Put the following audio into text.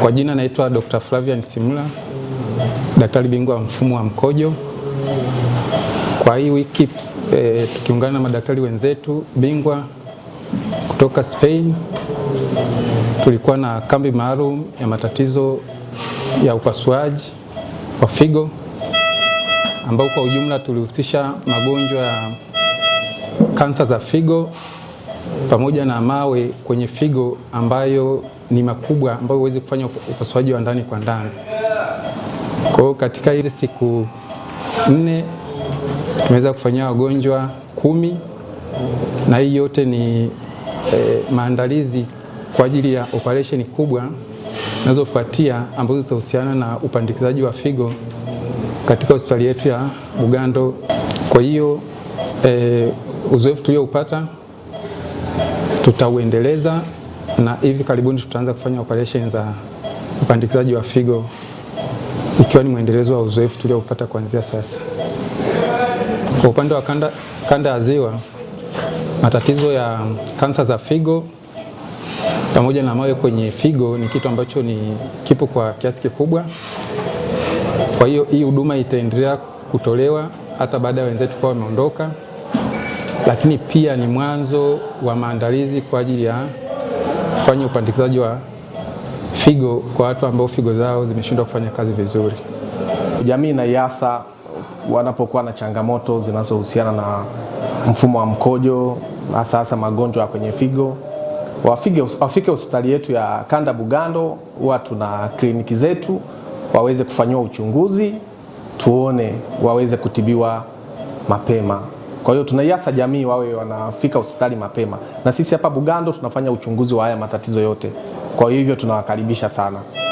Kwa jina naitwa Dr. Flavian Simula, daktari bingwa wa mfumo wa mkojo. Kwa hii wiki e, tukiungana na madaktari wenzetu bingwa kutoka Spain tulikuwa na kambi maalum ya matatizo ya upasuaji wa figo ambao kwa ujumla tulihusisha magonjwa ya kansa za figo pamoja na mawe kwenye figo ambayo ni makubwa ambayo huwezi kufanya upasuaji wa ndani kwa ndani. Kwa hiyo katika hizi siku nne tumeweza kufanyia wagonjwa kumi, na hii yote ni eh, maandalizi kwa ajili ya operesheni kubwa zinazofuatia ambazo zitahusiana na upandikizaji wa figo katika hospitali yetu ya Bugando. Kwa hiyo eh, uzoefu tulioupata tutauendeleza na hivi karibuni tutaanza kufanya operation za upandikizaji wa figo ikiwa ni mwendelezo wa uzoefu tuliopata kuanzia sasa. Kwa upande wa kanda, kanda ya Ziwa, matatizo ya kansa za figo pamoja na mawe kwenye figo ni kitu ambacho ni kipo kwa kiasi kikubwa. Kwa hiyo hii huduma itaendelea kutolewa hata baada ya wenzetu kuwa wameondoka lakini pia ni mwanzo wa maandalizi kwa ajili ya kufanya upandikizaji wa figo kwa watu ambao figo zao zimeshindwa kufanya kazi vizuri. Jamii yasa wanapokuwa na changamoto zinazohusiana na mfumo wa mkojo, hasa hasa magonjwa kwenye figo, wafike hospitali yetu ya Kanda Bugando, huwa tuna kliniki zetu, waweze kufanyiwa uchunguzi, tuone waweze kutibiwa mapema. Kwa hiyo tunaiasa jamii wawe wanafika hospitali mapema, na sisi hapa Bugando tunafanya uchunguzi wa haya matatizo yote. Kwa hivyo tunawakaribisha sana.